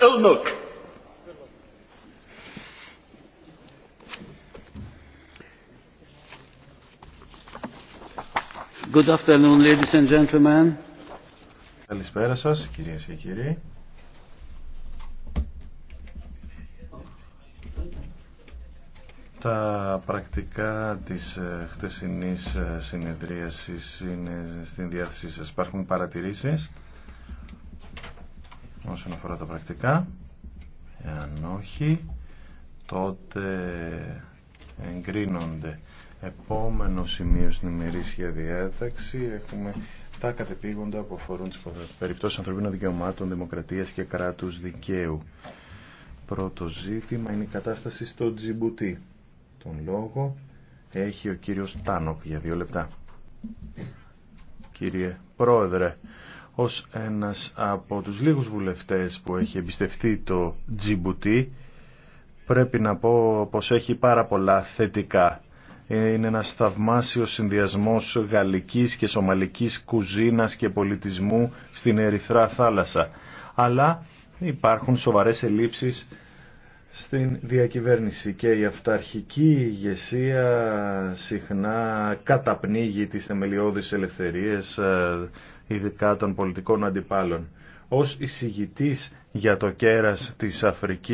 Ελνοκ. Good afternoon, ladies and gentlemen. Καλησπέρα σας, κυρίες και κύριοι. Τα πρακτικά της ε, χτεσινής ε, συνεδρίασης είναι στην διάθεσή σας. Υπάρχουν παρατηρήσεις όσον αφορά τα πρακτικά. Εάν όχι, τότε εγκρίνονται. Επόμενο σημείο στην ημερήσια διάταξη έχουμε τα κατεπήγοντα που αφορούν τις περιπτώσεις ανθρωπίνων δικαιωμάτων, δημοκρατίας και κράτους δικαίου. Πρώτο ζήτημα είναι η κατάσταση στο Τζιμπουτί. Τον λόγο έχει ο κύριος Τάνοκ για δύο λεπτά. Κύριε Πρόεδρε, ως ένας από τους λίγους βουλευτές που έχει εμπιστευτεί το Τζιμπουτί πρέπει να πω πως έχει πάρα πολλά θετικά. Ε, είναι ένας θαυμάσιος συνδυασμός γαλλικής και σομαλικής κουζίνας και πολιτισμού στην Ερυθρά θάλασσα. Αλλά υπάρχουν σοβαρές ελλείψεις στην διακυβέρνηση και η αυταρχική ηγεσία συχνά καταπνίγει τις θεμελιώδεις ελευθερίες ε, ειδικά των πολιτικών αντιπάλων. Ως εισηγητής για το κέρας της Αφρικής